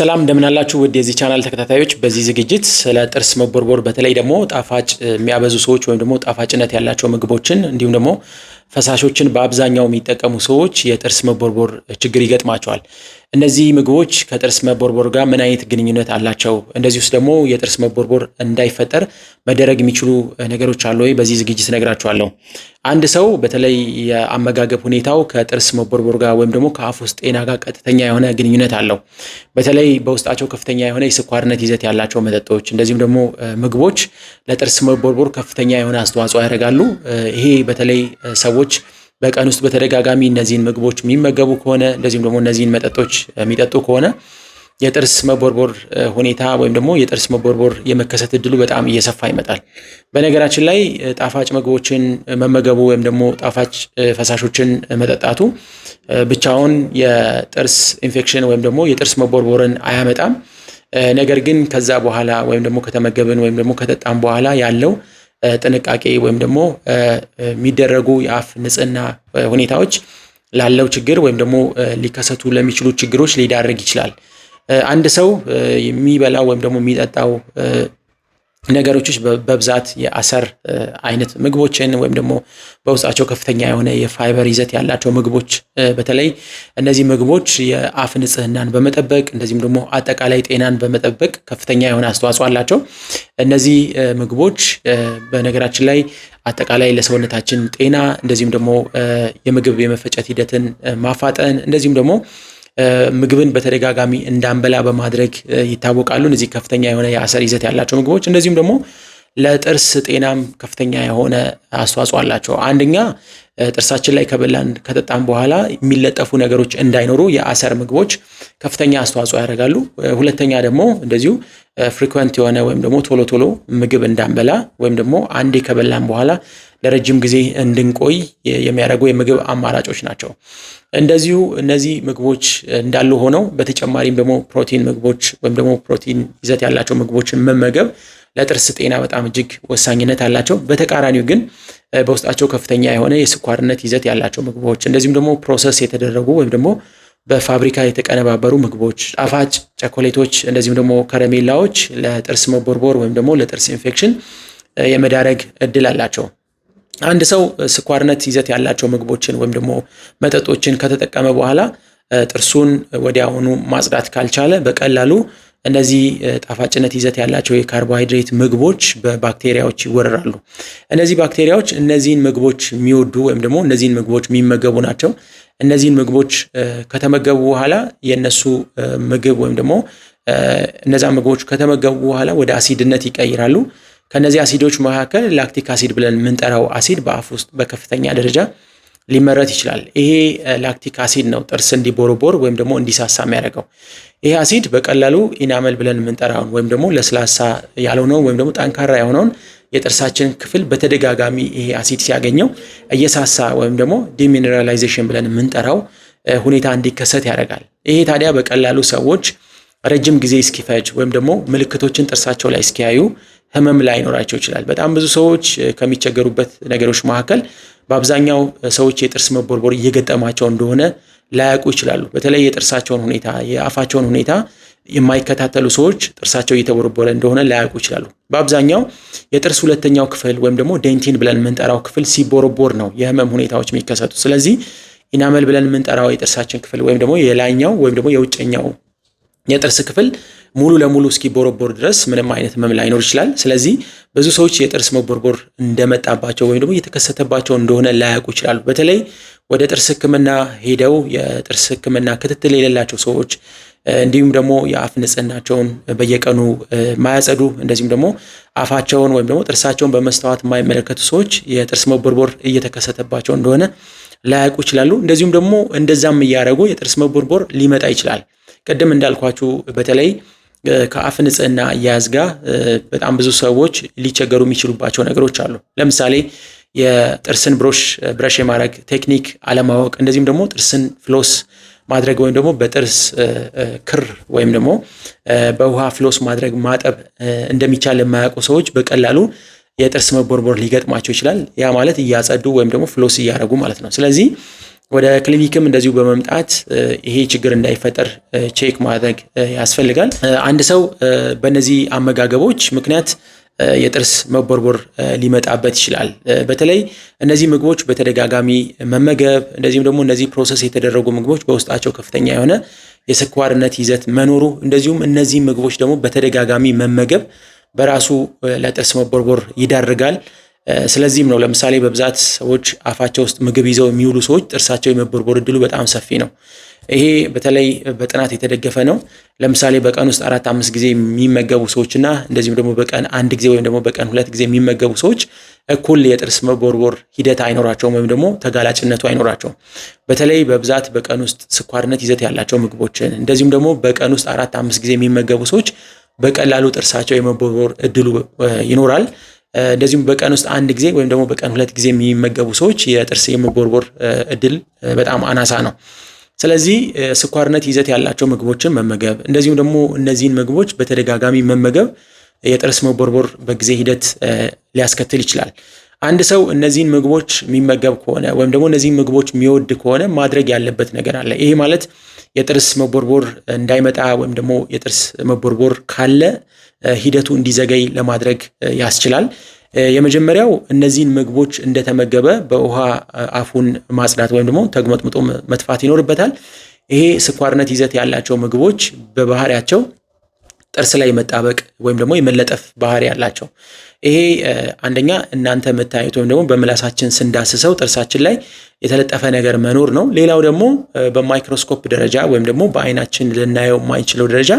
ሰላም እንደምናላችሁ ውድ የዚህ ቻናል ተከታታዮች፣ በዚህ ዝግጅት ስለ ጥርስ መቦርቦር በተለይ ደግሞ ጣፋጭ የሚያበዙ ሰዎች ወይም ደግሞ ጣፋጭነት ያላቸው ምግቦችን እንዲሁም ደግሞ ፈሳሾችን በአብዛኛው የሚጠቀሙ ሰዎች የጥርስ መቦርቦር ችግር ይገጥማቸዋል። እነዚህ ምግቦች ከጥርስ መቦርቦር ጋር ምን አይነት ግንኙነት አላቸው? እንደዚህ ውስጥ ደግሞ የጥርስ መቦርቦር እንዳይፈጠር መደረግ የሚችሉ ነገሮች አሉ ወይ? በዚህ ዝግጅት ነግራችኋለሁ። አንድ ሰው በተለይ የአመጋገብ ሁኔታው ከጥርስ መቦርቦር ጋር ወይም ደግሞ ከአፍ ውስጥ ጤና ጋር ቀጥተኛ የሆነ ግንኙነት አለው። በተለይ በውስጣቸው ከፍተኛ የሆነ የስኳርነት ይዘት ያላቸው መጠጦች እንደዚሁም ደግሞ ምግቦች ለጥርስ መቦርቦር ከፍተኛ የሆነ አስተዋጽኦ ያደርጋሉ። ይሄ በተለይ ሰዎች በቀን ውስጥ በተደጋጋሚ እነዚህን ምግቦች የሚመገቡ ከሆነ እንደዚሁም ደግሞ እነዚህን መጠጦች የሚጠጡ ከሆነ የጥርስ መቦርቦር ሁኔታ ወይም ደግሞ የጥርስ መቦርቦር የመከሰት እድሉ በጣም እየሰፋ ይመጣል። በነገራችን ላይ ጣፋጭ ምግቦችን መመገቡ ወይም ደግሞ ጣፋጭ ፈሳሾችን መጠጣቱ ብቻውን የጥርስ ኢንፌክሽን ወይም ደግሞ የጥርስ መቦርቦርን አያመጣም። ነገር ግን ከዛ በኋላ ወይም ደግሞ ከተመገብን ወይም ደግሞ ከጠጣም በኋላ ያለው ጥንቃቄ ወይም ደግሞ የሚደረጉ የአፍ ንጽህና ሁኔታዎች ላለው ችግር ወይም ደግሞ ሊከሰቱ ለሚችሉ ችግሮች ሊዳርግ ይችላል። አንድ ሰው የሚበላው ወይም ደግሞ የሚጠጣው ነገሮች በብዛት የአሰር አይነት ምግቦችን ወይም ደግሞ በውስጣቸው ከፍተኛ የሆነ የፋይበር ይዘት ያላቸው ምግቦች በተለይ እነዚህ ምግቦች የአፍ ንጽህናን በመጠበቅ እንደዚሁም ደግሞ አጠቃላይ ጤናን በመጠበቅ ከፍተኛ የሆነ አስተዋጽኦ አላቸው። እነዚህ ምግቦች በነገራችን ላይ አጠቃላይ ለሰውነታችን ጤና እንደዚሁም ደግሞ የምግብ የመፈጨት ሂደትን ማፋጠን እንደዚሁም ደግሞ ምግብን በተደጋጋሚ እንዳንበላ በማድረግ ይታወቃሉ። እነዚህ ከፍተኛ የሆነ የአሰር ይዘት ያላቸው ምግቦች እንደዚሁም ደግሞ ለጥርስ ጤናም ከፍተኛ የሆነ አስተዋጽኦ አላቸው። አንደኛ ጥርሳችን ላይ ከበላን ከጠጣም በኋላ የሚለጠፉ ነገሮች እንዳይኖሩ የአሰር ምግቦች ከፍተኛ አስተዋጽኦ ያደርጋሉ። ሁለተኛ ደግሞ እንደዚሁ ፍሪኩዌንት የሆነ ወይም ደግሞ ቶሎ ቶሎ ምግብ እንዳንበላ ወይም ደግሞ አንዴ ከበላን በኋላ ለረጅም ጊዜ እንድንቆይ የሚያደርጉ የምግብ አማራጮች ናቸው። እንደዚሁ እነዚህ ምግቦች እንዳሉ ሆነው በተጨማሪም ደግሞ ፕሮቲን ምግቦች ወይም ደግሞ ፕሮቲን ይዘት ያላቸው ምግቦችን መመገብ ለጥርስ ጤና በጣም እጅግ ወሳኝነት አላቸው። በተቃራኒው ግን በውስጣቸው ከፍተኛ የሆነ የስኳርነት ይዘት ያላቸው ምግቦች እንደዚሁም ደግሞ ፕሮሰስ የተደረጉ ወይም ደግሞ በፋብሪካ የተቀነባበሩ ምግቦች፣ ጣፋጭ ቸኮሌቶች፣ እንደዚሁም ደግሞ ከረሜላዎች ለጥርስ መቦርቦር ወይም ደግሞ ለጥርስ ኢንፌክሽን የመዳረግ እድል አላቸው። አንድ ሰው ስኳርነት ይዘት ያላቸው ምግቦችን ወይም ደግሞ መጠጦችን ከተጠቀመ በኋላ ጥርሱን ወዲያውኑ ማጽዳት ካልቻለ በቀላሉ እነዚህ ጣፋጭነት ይዘት ያላቸው የካርቦሃይድሬት ምግቦች በባክቴሪያዎች ይወረራሉ። እነዚህ ባክቴሪያዎች እነዚህን ምግቦች የሚወዱ ወይም ደግሞ እነዚህን ምግቦች የሚመገቡ ናቸው። እነዚህን ምግቦች ከተመገቡ በኋላ የእነሱ ምግብ ወይም ደግሞ እነዛ ምግቦች ከተመገቡ በኋላ ወደ አሲድነት ይቀይራሉ። ከእነዚህ አሲዶች መካከል ላክቲክ አሲድ ብለን የምንጠራው አሲድ በአፍ ውስጥ በከፍተኛ ደረጃ ሊመረት ይችላል። ይሄ ላክቲክ አሲድ ነው ጥርስ እንዲቦርቦር ወይም ደግሞ እንዲሳሳ የሚያደርገው። ይሄ አሲድ በቀላሉ ኢናመል ብለን የምንጠራውን ወይም ደግሞ ለስላሳ ያልሆነውን ወይም ደግሞ ጠንካራ የሆነውን የጥርሳችን ክፍል በተደጋጋሚ ይሄ አሲድ ሲያገኘው እየሳሳ ወይም ደግሞ ዲሚኔራላይዜሽን ብለን የምንጠራው ሁኔታ እንዲከሰት ያደርጋል። ይሄ ታዲያ በቀላሉ ሰዎች ረጅም ጊዜ እስኪፈጅ ወይም ደግሞ ምልክቶችን ጥርሳቸው ላይ እስኪያዩ ህመም ላይኖራቸው ይችላል። በጣም ብዙ ሰዎች ከሚቸገሩበት ነገሮች መካከል በአብዛኛው ሰዎች የጥርስ መቦርቦር እየገጠማቸው እንደሆነ ላያውቁ ይችላሉ። በተለይ የጥርሳቸውን ሁኔታ የአፋቸውን ሁኔታ የማይከታተሉ ሰዎች ጥርሳቸው እየተቦረቦረ እንደሆነ ላያውቁ ይችላሉ። በአብዛኛው የጥርስ ሁለተኛው ክፍል ወይም ደግሞ ዴንቲን ብለን የምንጠራው ክፍል ሲቦረቦር ነው የህመም ሁኔታዎች የሚከሰቱ። ስለዚህ ኢናመል ብለን የምንጠራው የጥርሳችን ክፍል ወይም ደግሞ የላይኛው ወይም ደግሞ የውጨኛው የጥርስ ክፍል ሙሉ ለሙሉ እስኪቦረቦር ድረስ ምንም አይነት ህመም ላይኖር ይችላል። ስለዚህ ብዙ ሰዎች የጥርስ መቦርቦር እንደመጣባቸው ወይም ደግሞ እየተከሰተባቸው እንደሆነ ላያውቁ ይችላሉ። በተለይ ወደ ጥርስ ህክምና ሄደው የጥርስ ህክምና ክትትል የሌላቸው ሰዎች እንዲሁም ደግሞ የአፍ ንጽህናቸውን በየቀኑ ማያጸዱ እንደዚሁም ደግሞ አፋቸውን ወይም ደግሞ ጥርሳቸውን በመስተዋት የማይመለከቱ ሰዎች የጥርስ መቦርቦር እየተከሰተባቸው እንደሆነ ላያውቁ ይችላሉ። እንደዚሁም ደግሞ እንደዛም እያደረጉ የጥርስ መቦርቦር ሊመጣ ይችላል። ቅድም እንዳልኳችሁ በተለይ ከአፍ ንጽህና አያያዝ ጋር በጣም ብዙ ሰዎች ሊቸገሩ የሚችሉባቸው ነገሮች አሉ። ለምሳሌ የጥርስን ብሮሽ ብረሽ የማድረግ ቴክኒክ አለማወቅ፣ እንደዚሁም ደግሞ ጥርስን ፍሎስ ማድረግ ወይም ደግሞ በጥርስ ክር ወይም ደግሞ በውሃ ፍሎስ ማድረግ ማጠብ እንደሚቻል የማያውቁ ሰዎች በቀላሉ የጥርስ መቦርቦር ሊገጥማቸው ይችላል። ያ ማለት እያጸዱ ወይም ደግሞ ፍሎስ እያደረጉ ማለት ነው። ስለዚህ ወደ ክሊኒክም እንደዚሁ በመምጣት ይሄ ችግር እንዳይፈጠር ቼክ ማድረግ ያስፈልጋል። አንድ ሰው በእነዚህ አመጋገቦች ምክንያት የጥርስ መቦርቦር ሊመጣበት ይችላል። በተለይ እነዚህ ምግቦች በተደጋጋሚ መመገብ እንደዚሁም ደግሞ እነዚህ ፕሮሰስ የተደረጉ ምግቦች በውስጣቸው ከፍተኛ የሆነ የስኳርነት ይዘት መኖሩ እንደዚሁም እነዚህ ምግቦች ደግሞ በተደጋጋሚ መመገብ በራሱ ለጥርስ መቦርቦር ይዳርጋል። ስለዚህም ነው ለምሳሌ በብዛት ሰዎች አፋቸው ውስጥ ምግብ ይዘው የሚውሉ ሰዎች ጥርሳቸው የመቦርቦር እድሉ በጣም ሰፊ ነው። ይሄ በተለይ በጥናት የተደገፈ ነው። ለምሳሌ በቀን ውስጥ አራት አምስት ጊዜ የሚመገቡ እና እንደዚሁም ደግሞ በቀን አንድ ጊዜ ወይም ደግሞ በቀን ሁለት ጊዜ የሚመገቡ ሰዎች እኩል የጥርስ መቦርቦር ሂደት አይኖራቸውም ወይም ደግሞ ተጋላጭነቱ አይኖራቸውም። በተለይ በብዛት በቀን ውስጥ ስኳርነት ይዘት ያላቸው ምግቦችን እንደዚሁም ደግሞ በቀን ውስጥ አራት አምስት ጊዜ የሚመገቡ ሰዎች በቀላሉ ጥርሳቸው የመቦርቦር እድሉ ይኖራል። እንደዚሁም በቀን ውስጥ አንድ ጊዜ ወይም ደግሞ በቀን ሁለት ጊዜ የሚመገቡ ሰዎች የጥርስ የመቦርቦር እድል በጣም አናሳ ነው። ስለዚህ ስኳርነት ይዘት ያላቸው ምግቦችን መመገብ እንደዚሁም ደግሞ እነዚህን ምግቦች በተደጋጋሚ መመገብ የጥርስ መቦርቦር በጊዜ ሂደት ሊያስከትል ይችላል። አንድ ሰው እነዚህን ምግቦች የሚመገብ ከሆነ ወይም ደግሞ እነዚህን ምግቦች የሚወድ ከሆነ ማድረግ ያለበት ነገር አለ። ይሄ ማለት የጥርስ መቦርቦር እንዳይመጣ ወይም ደግሞ የጥርስ መቦርቦር ካለ ሂደቱ እንዲዘገይ ለማድረግ ያስችላል። የመጀመሪያው እነዚህን ምግቦች እንደተመገበ በውሃ አፉን ማጽዳት ወይም ደግሞ ተግመጥምጦ መጥፋት ይኖርበታል። ይሄ ስኳርነት ይዘት ያላቸው ምግቦች በባህሪያቸው ጥርስ ላይ የመጣበቅ ወይም ደግሞ የመለጠፍ ባህሪ ያላቸው ይሄ አንደኛ እናንተ የምታዩት ወይም ደግሞ በምላሳችን ስንዳስሰው ጥርሳችን ላይ የተለጠፈ ነገር መኖር ነው። ሌላው ደግሞ በማይክሮስኮፕ ደረጃ ወይም ደግሞ በአይናችን ልናየው የማንችለው ደረጃ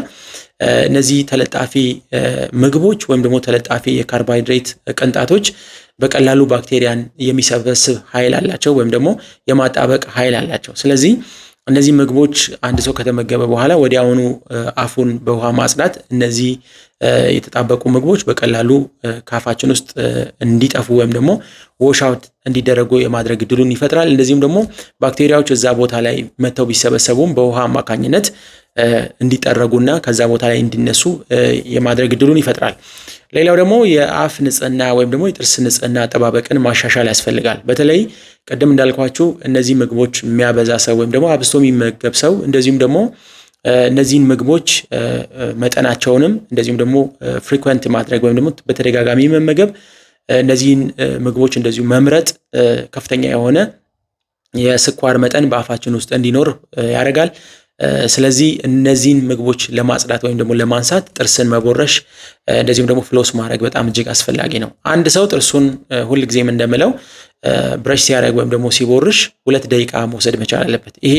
እነዚህ ተለጣፊ ምግቦች ወይም ደግሞ ተለጣፊ የካርቦሃይድሬት ቅንጣቶች በቀላሉ ባክቴሪያን የሚሰበስብ ኃይል አላቸው ወይም ደግሞ የማጣበቅ ኃይል አላቸው። ስለዚህ እነዚህ ምግቦች አንድ ሰው ከተመገበ በኋላ ወዲያውኑ አፉን በውሃ ማጽዳት እነዚህ የተጣበቁ ምግቦች በቀላሉ ካፋችን ውስጥ እንዲጠፉ ወይም ደግሞ ወሻውት እንዲደረጉ የማድረግ እድሉን ይፈጥራል። እንደዚሁም ደግሞ ባክቴሪያዎች እዛ ቦታ ላይ መጥተው ቢሰበሰቡም በውሃ አማካኝነት እንዲጠረጉና ከዛ ቦታ ላይ እንዲነሱ የማድረግ እድሉን ይፈጥራል። ሌላው ደግሞ የአፍ ንጽህና ወይም ደግሞ የጥርስ ንጽህና አጠባበቅን ማሻሻል ያስፈልጋል። በተለይ ቅድም እንዳልኳችሁ እነዚህ ምግቦች የሚያበዛ ሰው ወይም ደግሞ አብዝቶ የሚመገብ ሰው እንደዚሁም ደግሞ እነዚህን ምግቦች መጠናቸውንም እንደዚሁም ደግሞ ፍሪኩንት ማድረግ ወይም ደግሞ በተደጋጋሚ መመገብ እነዚህን ምግቦች እንደዚሁ መምረጥ ከፍተኛ የሆነ የስኳር መጠን በአፋችን ውስጥ እንዲኖር ያደርጋል። ስለዚህ እነዚህን ምግቦች ለማጽዳት ወይም ደግሞ ለማንሳት ጥርስን መቦረሽ እንደዚሁም ደግሞ ፍሎስ ማድረግ በጣም እጅግ አስፈላጊ ነው። አንድ ሰው ጥርሱን ሁልጊዜም እንደምለው ብረሽ ሲያደርግ ወይም ደግሞ ሲቦርሽ ሁለት ደቂቃ መውሰድ መቻል አለበት። ይሄ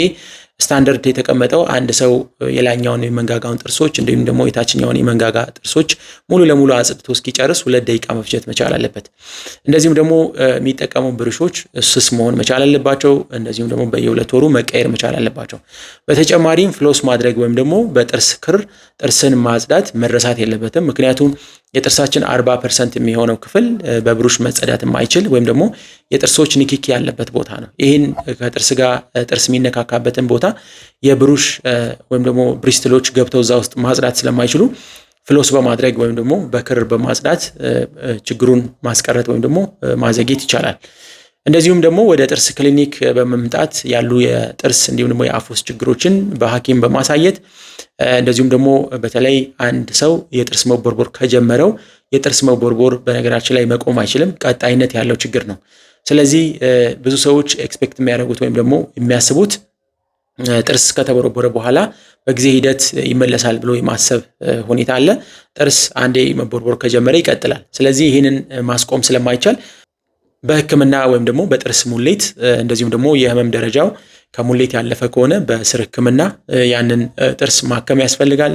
ስታንዳርድ የተቀመጠው አንድ ሰው የላይኛውን የመንጋጋውን ጥርሶች እንዲሁም ደግሞ የታችኛውን የመንጋጋ ጥርሶች ሙሉ ለሙሉ አጽድቶ እስኪጨርስ ሁለት ደቂቃ መፍጀት መቻል አለበት። እንደዚሁም ደግሞ የሚጠቀሙ ብርሾች ስስ መሆን መቻል አለባቸው። እንደዚሁም ደግሞ በየሁለት ወሩ መቀየር መቻል አለባቸው። በተጨማሪም ፍሎስ ማድረግ ወይም ደግሞ በጥርስ ክር ጥርስን ማጽዳት መረሳት የለበትም። ምክንያቱም የጥርሳችን 40 ፐርሰንት የሚሆነው ክፍል በብሩሽ መጸዳት የማይችል ወይም ደግሞ የጥርሶች ንክኪ ያለበት ቦታ ነው። ይህን ከጥርስ ጋር ጥርስ የሚነካካበትን ቦታ ቦታ የብሩሽ ወይም ደግሞ ብሪስትሎች ገብተው እዛ ውስጥ ማጽዳት ስለማይችሉ ፍሎስ በማድረግ ወይም ደግሞ በክር በማጽዳት ችግሩን ማስቀረት ወይም ደግሞ ማዘጌት ይቻላል። እንደዚሁም ደግሞ ወደ ጥርስ ክሊኒክ በመምጣት ያሉ የጥርስ እንዲሁም ደግሞ የአፎስ ችግሮችን በሐኪም በማሳየት እንደዚሁም ደግሞ በተለይ አንድ ሰው የጥርስ መቦርቦር ከጀመረው የጥርስ መቦርቦር በነገራችን ላይ መቆም አይችልም፣ ቀጣይነት ያለው ችግር ነው። ስለዚህ ብዙ ሰዎች ኤክስፔክት የሚያደርጉት ወይም ደግሞ የሚያስቡት ጥርስ ከተቦረቦረ በኋላ በጊዜ ሂደት ይመለሳል ብሎ የማሰብ ሁኔታ አለ። ጥርስ አንዴ መቦርቦር ከጀመረ ይቀጥላል። ስለዚህ ይህንን ማስቆም ስለማይቻል በሕክምና ወይም ደግሞ በጥርስ ሙሌት እንደዚሁም ደግሞ የህመም ደረጃው ከሙሌት ያለፈ ከሆነ በስር ሕክምና ያንን ጥርስ ማከም ያስፈልጋል።